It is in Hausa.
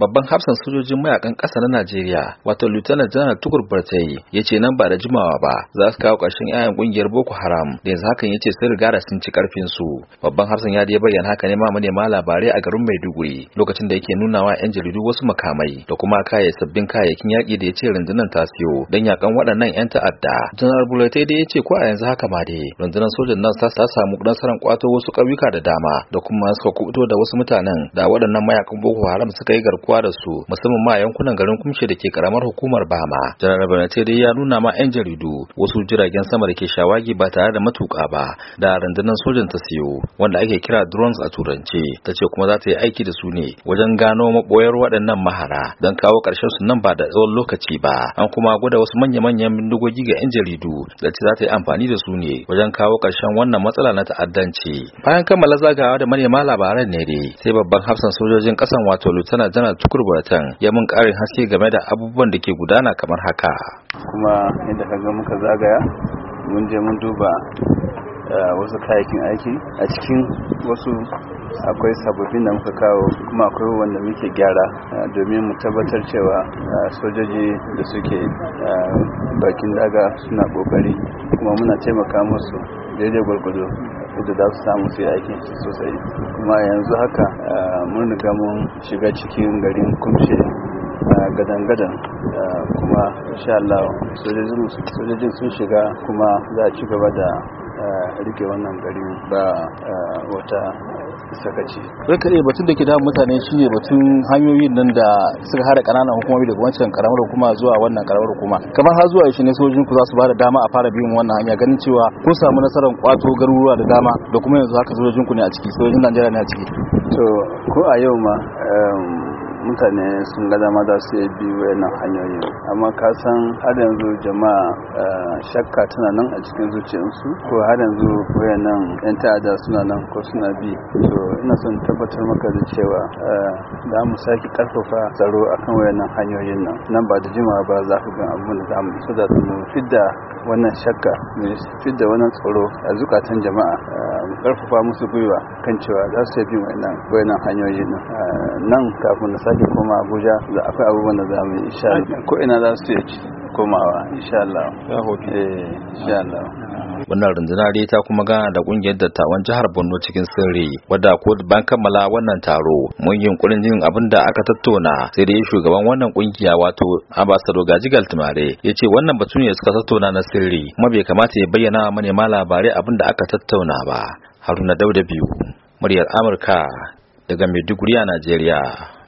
babban hafsan sojojin mayakan ƙasa na Najeriya wato Lieutenant General Tukur bartayi ya ce nan ba da jimawa ba za su kawo ƙarshen yayan ƙungiyar Boko Haram da yanzu hakan ya ce sun riga da sun ci ƙarfin su babban hafsan ya dai bayyana haka ne ma manema labarai a garin Maiduguri lokacin da yake nuna wa 'yan jaridu wasu makamai da kuma kaya sabbin kayayyakin yaƙi da ya ce rundunar ta siyo don yakan waɗannan 'yan ta'adda General Bartai dai ya ce ko a yanzu haka ma dai rundunar sojan nan ta samu nasarar kwato wasu ƙauyuka da dama da kuma suka kubuto da wasu mutanen da waɗannan mayakan Boko Haram suka yi garkuwa da su musamman ma yankunan garin kumshe da ke karamar hukumar Bama. Janar ce dai ya nuna ma 'yan jaridu wasu jiragen sama da ke shawagi ba tare da matuƙa ba da rundunar sojan ta siyo wanda ake kira drones a turance ta ce kuma za ta yi aiki da su ne wajen gano maɓoyar waɗannan mahara don kawo ƙarshen su nan ba da tsawon lokaci ba an kuma gwada wasu manya-manyan bindigogi ga 'yan jaridu da ce za ta yi amfani da su ne wajen kawo ƙarshen wannan matsala na ta'addanci bayan kammala zagawa da manema labaran ne dai sai babban hafsan sojojin ƙasan wato lieutenant tukur ya mun karin haske game da abubuwan da ke gudana kamar haka kuma inda ka ga muka zagaya mun je mun duba eh, wasu kayakin aiki a cikin wasu akwai sababbin da muka kawo kuma akwai wanda muke gyara eh, domin mu tabbatar cewa eh, sojoji da suke bakin daga suna kokari kuma muna taimaka musu daidai gwargwado yadda za su samu su yi aikin su sosai kuma yanzu haka eh, mun riga mun shiga cikin garin kumshe eh, gadan-gadan eh, kuma insha Allah sojojin sun shiga kuma za a ci gaba da rike wannan garin ba wata sakaci zai kare batun da ke damun mutane shi ne batun hanyoyin nan da suka hada kananan hukumomi da wancan karamar hukuma zuwa wannan karamar hukuma kamar har zuwa yaushe ne sojojin ku za su bada dama a fara biyun wannan hanya ganin cewa kun samu nasarar kwato garuruwa da dama da kuma yanzu haka sojojin ku ne a ciki sojojin Najeriya ne a ciki to ko a yau ma mutane sun ga dama za su bi wayannan hanyoyin amma ka san har yanzu jama'a eh, shakka tana nan a cikin zuciyarsu ko har yanzu wayannan yan ta'ada suna nan ko suna bi to ina son tabbatar maka da cewa eh, za mu sake karfafa tsaro akan wayannan hanyoyin nan nan ba da jimawa ba za ku ga abin da za mu mu fidda wannan shakka mai da wannan tsoro a zukatan jama'a mu karfafa musu gwiwa kan cewa za su yi wannan wayannan hanyoyi nan kafin na sake koma Abuja za fi abubuwan da za mu yi ko ina za su yi komawa insha Allah ya hoto eh insha Allah wannan rundunar ta kuma gana da kungiyar dattawan jihar borno cikin sirri wadda ko ban kammala wannan taro mun yunkurin jin abin da aka tattauna sai dai shugaban wannan kungiya wato ambassador gaji Galtumare ya ce wannan batu ne suka tattauna na sirri kuma bai kamata ya bayyana manema labarai abin da aka tattauna ba haruna dauda biyu muryar amurka daga maiduguri a najeriya